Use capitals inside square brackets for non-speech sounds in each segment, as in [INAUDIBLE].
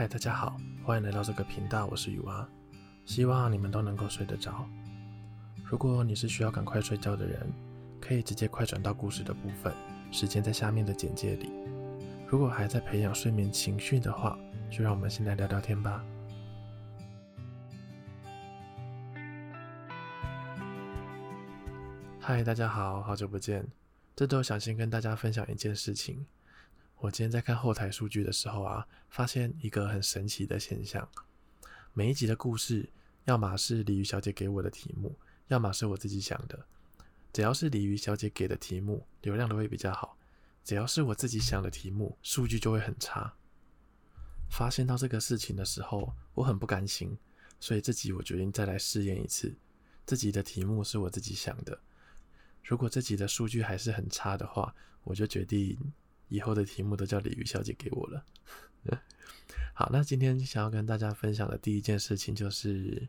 嗨，Hi, 大家好，歡迎來到這個頻道，我是雨蛙，希望你們都能夠睡得着。如果你是需要趕快睡覺的人，可以直接快轉到故事的部分，時間在下面的簡介裡。如果還在培養睡眠情緒的話，就讓我們先來聊聊天吧。嗨，大家好，好久不見，這周想先跟大家分享一件事情。我今天在看後台數據的時候啊，發現一個很神奇的現象：每一集的故事，要麼是鯉魚小姐給我的題目，要麼是我自己想的。只要是鯉魚小姐給的題目，流量都會比較好；只要是我自己想的題目，數據就會很差。發現到這個事情的時候，我很不甘心，所以這集我決定再來試驗一次。這集的題目是我自己想的。如果這集的數據還是很差的話，我就決定。以後的題目都叫鯉魚小姐給我了。 [LAUGHS] 好，那今天想要跟大家分享的第一件事情就是，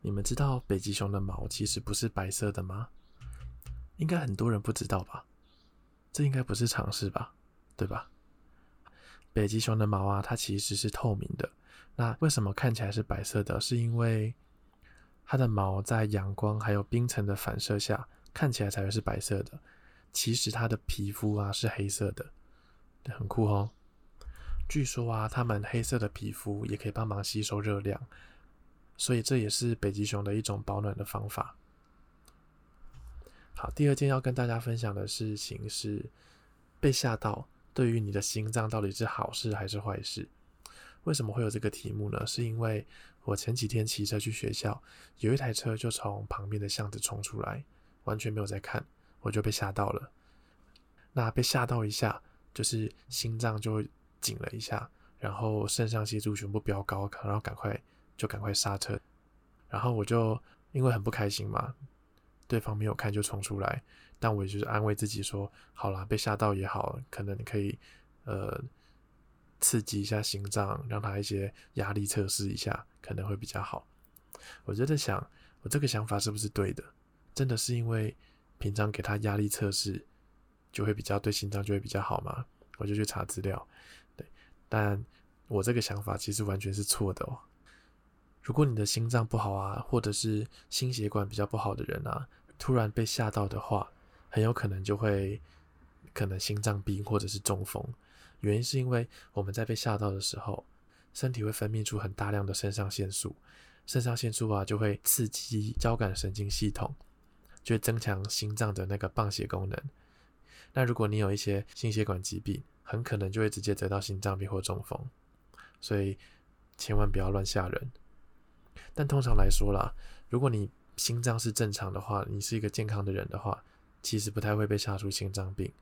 你們知道北極熊的毛其實不是白色的嗎？應該很多人不知道吧？這應該不是常識吧？對吧？北極熊的毛啊，它其實是透明的。那為什麼看起來是白色的？是因為它的毛在陽光還有冰層的反射下，看起來才會是白色的。其實它的皮膚啊是黑色的，很酷哦。據說啊，它們黑色的皮膚也可以幫忙吸收熱量，所以這也是北極熊的一種保暖的方法。好，第二件要跟大家分享的事情是，被嚇到對於你的心臟到底是好事還是壞事？為什麼會有這個題目呢？是因為我前幾天騎車去學校，有一台車就從旁邊的巷子衝出來，完全沒有在看。我就被嚇到了，那被嚇到一下，就是心臟就會緊了一下，然後腎上腺素全部飆高，然後趕快就趕快剎車，然後我就因為很不開心嘛，對方沒有看就衝出來，但我也就是安慰自己說，好啦，被嚇到也好，可能你可以呃刺激一下心臟，讓他一些壓力測試一下，可能會比較好。我就在想，我這個想法是不是對的？真的是因為。平常給他壓力測試，就會比較對心臟就會比較好嘛？我就去查資料，對，但我這個想法其實完全是錯的哦。如果你的心臟不好啊，或者是心血管比較不好的人啊，突然被嚇到的話，很有可能就會可能心臟病或者是中風。原因是因為我們在被嚇到的時候，身體會分泌出很大量的腎上腺素，腎上腺素啊就會刺激交感神經系統。就會增強心臟的那個泵血功能。那如果你有一些心血管疾病，很可能就會直接得到心臟病或中風。所以千萬不要亂嚇人。但通常來說啦，如果你心臟是正常的話，你是一個健康的人的話，其實不太會被嚇出心臟病。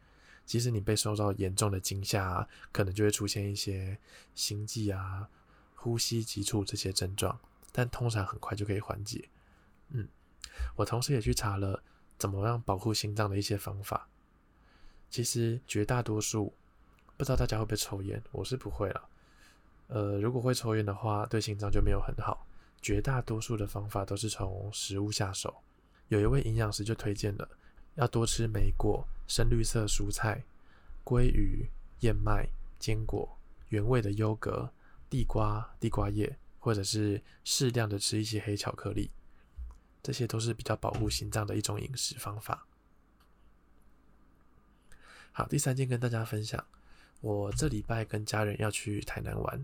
即使你被受到嚴重的驚嚇啊，可能就會出現一些心悸啊、呼吸急促這些症狀，但通常很快就可以緩解。嗯。我同時也去查了怎麼樣保護心臟的一些方法。其實絕大多數，不知道大家會不會抽菸，我是不會了。呃，如果會抽菸的話，對心臟就沒有很好。絕大多數的方法都是從食物下手。有一位營養師就推薦了，要多吃莓果、深綠色蔬菜、鮭魚、燕麥、堅果、原味的優格、地瓜、地瓜葉，或者是適量的吃一些黑巧克力。這些都是比較保護心臟的一種飲食方法。好，第三件跟大家分享，我這禮拜跟家人要去台南玩，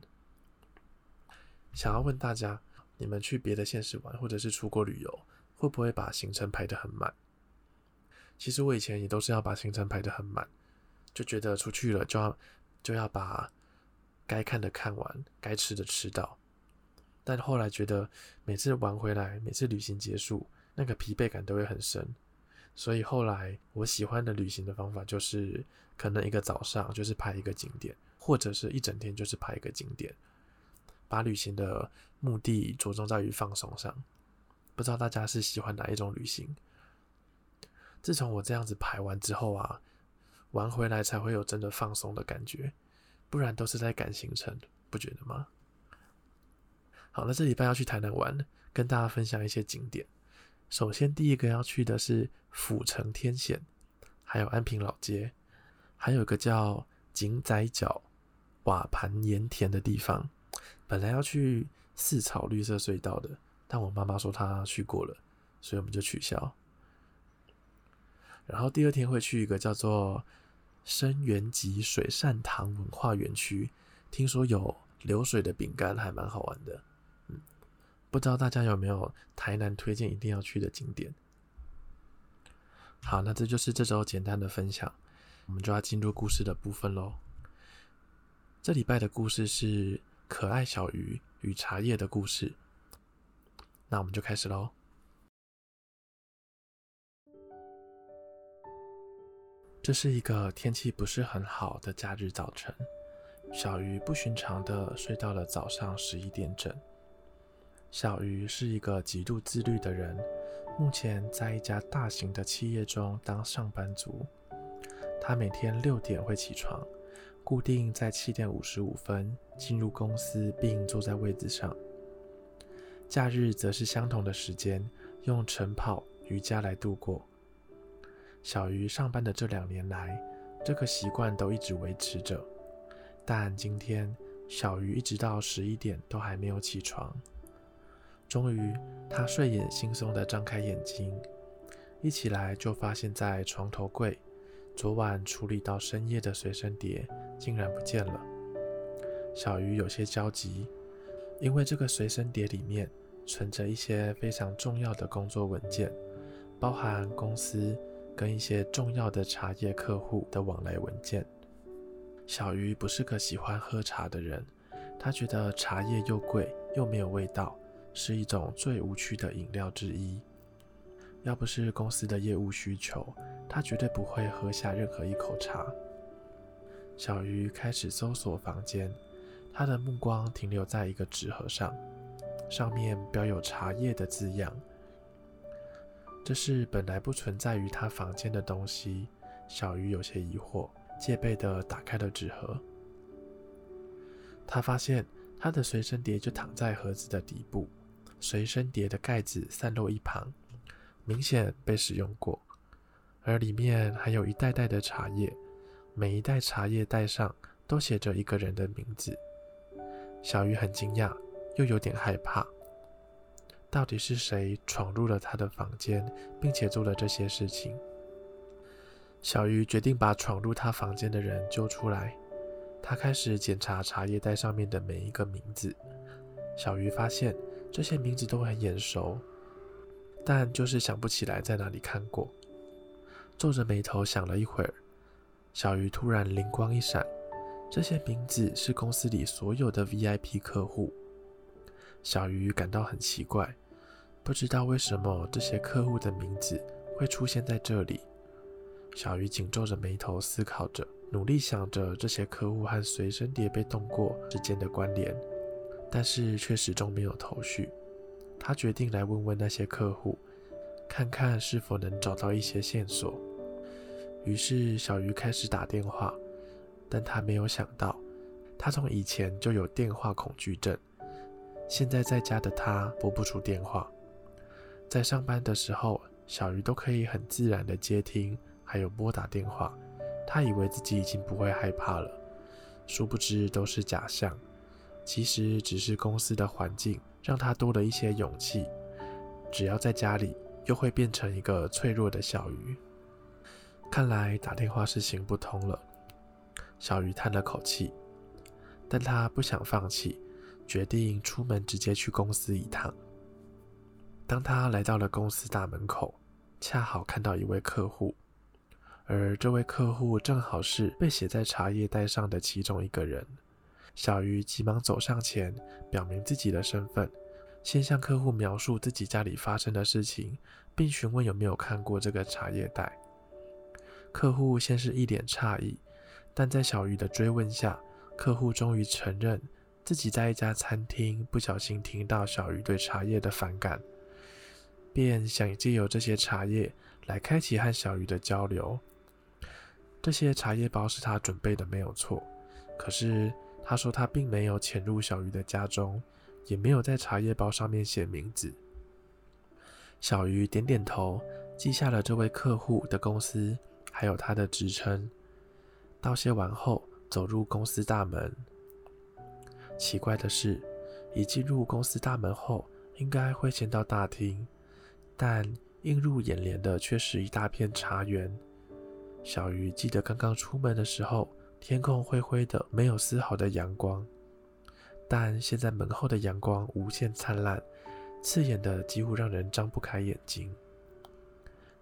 想要問大家，你們去別的縣市玩，或者是出國旅遊，會不會把行程排得很滿？其實我以前也都是要把行程排得很滿，就覺得出去了就要就要把該看的看完，該吃的吃到。但後來覺得每次玩回來，每次旅行結束，那個疲憊感都會很深。所以後來我喜歡的旅行的方法就是，可能一個早上就是排一個景點，或者是一整天就是排一個景點，把旅行的目的着重在於放鬆上。不知道大家是喜歡哪一種旅行？自從我這樣子排完之後啊，玩回來才會有真的放鬆的感覺，不然都是在趕行程，不覺得嗎？好，那這禮拜要去台南玩，跟大家分享一些景點。首先，第一個要去的是府城天險，還有安平老街，還有一個叫井仔腳瓦盤鹽田的地方。本來要去四草綠色隧道的，但我媽媽說她去過了，所以我們就取消。然後第二天會去一個叫做深源集水善堂文化園區，聽說有流水的餅乾，還蠻好玩的。不知道大家有沒有台南推薦一定要去的景點？好，那這就是這週簡單的分享，我們就要進入故事的部分嘍。這禮拜的故事是可愛小魚與茶葉的故事。那我們就開始嘍。這是一個天氣不是很好的假日早晨，小魚不尋常的睡到了早上十一點整。小魚是一個極度自律的人，目前在一家大型的企業中當上班族。他每天六點會起床，固定在七點五十五分進入公司並坐在位置上。假日則是相同的時間，用晨跑、瑜伽來度過。小魚上班的這兩年來，這個習慣都一直維持着。但今天，小魚一直到十一點都還沒有起床。終於，他睡眼惺忪地張開眼睛，一起來就發現，在床頭櫃昨晚處理到深夜的隨身碟竟然不見了。小魚有些焦急，因為這個隨身碟裡面存着一些非常重要的工作文件，包含公司跟一些重要的茶葉客戶的往來文件。小魚不是個喜歡喝茶的人，他覺得茶葉又貴又沒有味道。是一種最無趣的飲料之一。要不是公司的業務需求，他絕對不會喝下任何一口茶。小魚開始搜索房間，他的目光停留在一個紙盒上，上面標有茶葉的字樣。這是本來不存在於他房間的東西。小魚有些疑惑，戒備地打開了紙盒。他發現他的隨身碟就躺在盒子的底部。隨身碟的蓋子散落一旁，明顯被使用過，而裡面還有一袋袋的茶葉，每一袋茶葉袋上都寫着一個人的名字。小魚很驚訝，又有點害怕，到底是誰闖入了他的房間，並且做了這些事情？小魚決定把闖入他房間的人揪出來。他開始檢查茶葉袋上面的每一個名字，小魚發現。這些名字都很眼熟，但就是想不起來在哪裡看過。皺着眉頭想了一會兒，小魚突然靈光一閃：這些名字是公司裡所有的 VIP 客戶。小魚感到很奇怪，不知道為什麼這些客戶的名字會出現在這裡。小魚緊皺着眉頭思考着，努力想着這些客戶和隨身碟被動過之間的關聯。但是卻始終沒有頭緒，他決定來問問那些客戶，看看是否能找到一些線索。於是小魚開始打電話，但他沒有想到，他從以前就有電話恐懼症，現在在家的他撥不出電話。在上班的時候，小魚都可以很自然地接聽，還有撥打電話，他以為自己已經不會害怕了，殊不知都是假象。其實只是公司的環境讓他多了一些勇氣，只要在家裡又會變成一個脆弱的小魚。看來打電話是行不通了，小魚嘆了口氣，但他不想放棄，決定出門直接去公司一趟。當他來到了公司大門口，恰好看到一位客戶，而這位客戶正好是被寫在茶葉袋上的其中一個人。小魚急忙走上前，表明自己的身份，先向客戶描述自己家裡發生的事情，並詢問有沒有看過這個茶葉袋。客戶先是一臉詫異，但在小魚的追問下，客戶終於承認自己在一家餐廳不小心聽到小魚對茶葉的反感，便想借由這些茶葉來開啟和小魚的交流。這些茶葉包是他準備的，沒有錯，可是。他說：“他並沒有潛入小魚的家中，也沒有在茶葉包上面寫名字。”小魚點點頭，記下了這位客戶的公司還有他的職稱。道謝完後，走入公司大門。奇怪的是，一進入公司大門後，應該會先到大廳，但映入眼簾的卻是一大片茶園。小魚記得剛剛出門的時候。天空灰灰的，沒有絲毫的陽光。但現在門後的陽光無限燦爛，刺眼的幾乎讓人睜不開眼睛。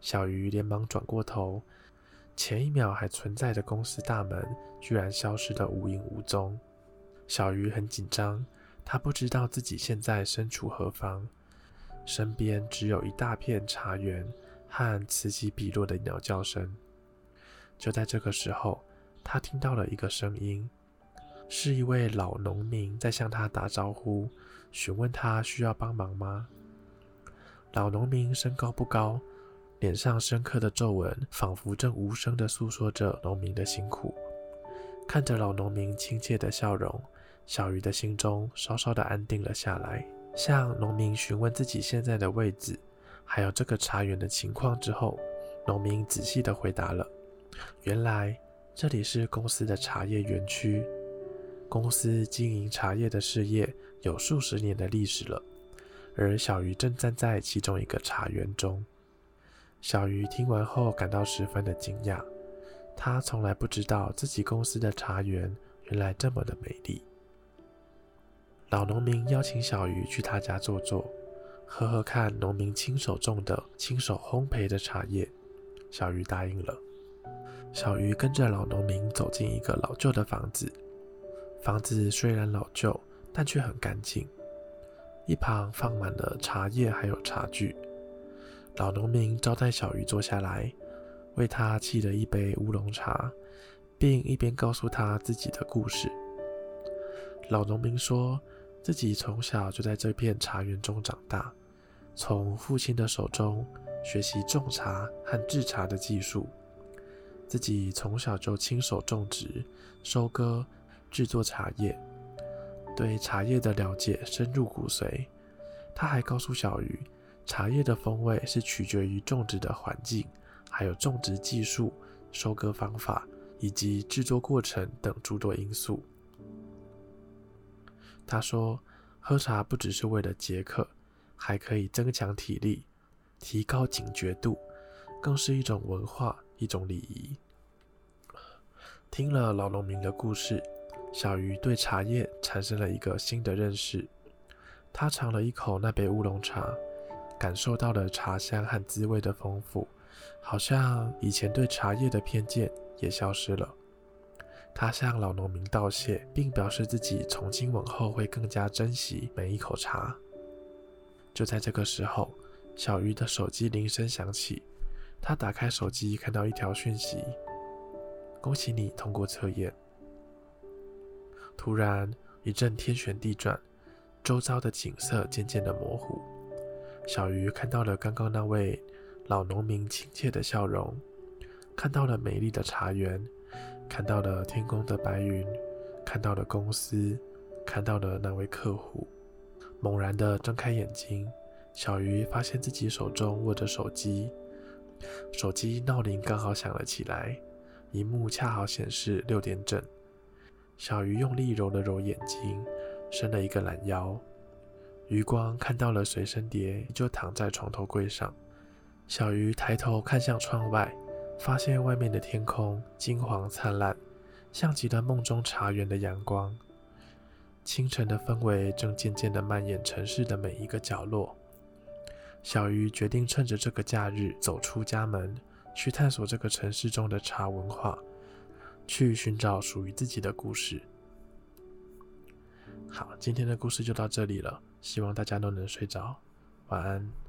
小魚連忙轉過頭，前一秒還存在的公司大門居然消失得無影無蹤。小魚很緊張，他不知道自己現在身處何方，身邊只有一大片茶園和此起彼落的鳥叫聲。就在這個時候。他聽到了一個聲音，是一位老農民在向他打招呼，詢問他需要幫忙嗎？老農民身高不高，臉上深刻的皺紋仿佛正無聲的訴說着農民的辛苦。看着老農民親切的笑容，小魚的心中稍稍的安定了下來。向農民詢問自己現在的位置，還有這個茶園的情況之後，農民仔細的回答了，原來。這裡是公司的茶葉園區，公司經營茶葉的事業有數十年的歷史了，而小魚正站在其中一個茶園中。小魚聽完後感到十分的驚訝，他從來不知道自己公司的茶園原來這麼的美麗。老農民邀請小魚去他家坐坐，喝喝看農民親手種的、親手烘焙的茶葉，小魚答應了。小魚跟着老農民走進一個老舊的房子。房子雖然老舊，但卻很乾淨，一旁放滿了茶葉還有茶具。老農民招待小魚坐下來，為他沏了一杯烏龍茶，並一邊告訴他自己的故事。老農民說自己從小就在這片茶園中長大，從父親的手中學習種茶和製茶的技術。自己從小就親手種植、收割、製作茶葉，對茶葉的了解深入骨髓。他還告訴小魚，茶葉的風味是取決於種植的環境，還有種植技術、收割方法以及製作過程等諸多因素。他說，喝茶不只是為了解渴，還可以增強體力、提高警覺度，更是一種文化、一種禮儀。聽了老農民的故事，小魚對茶葉產生了一個新的認識。他嘗了一口那杯烏龍茶，感受到了茶香和滋味的豐富，好像以前對茶葉的偏見也消失了。他向老農民道謝，並表示自己從今往後會更加珍惜每一口茶。就在這個時候，小魚的手機鈴聲響起，他打開手機，看到一條訊息。恭喜你通過測驗！突然一陣天旋地轉，周遭的景色漸漸的模糊。小魚看到了剛剛那位老農民親切的笑容，看到了美麗的茶園，看到了天空的白雲，看到了公司，看到了那位客戶。猛然的睜開眼睛，小魚發現自己手中握着手機，手機鬧鈴剛好響了起來。螢幕恰好顯示六點整，小魚用力揉了揉眼睛，伸了一個懶腰，餘光看到了隨身碟就躺在床頭櫃上。小魚抬頭看向窗外，發現外面的天空金黃燦爛，像極了夢中茶園的陽光。清晨的氛圍正漸漸的蔓延城市的每一個角落。小魚決定趁着這個假日走出家門。去探索這個城市中的茶文化，去尋找屬於自己的故事。好，今天的故事就到這裡了，希望大家都能睡着，晚安。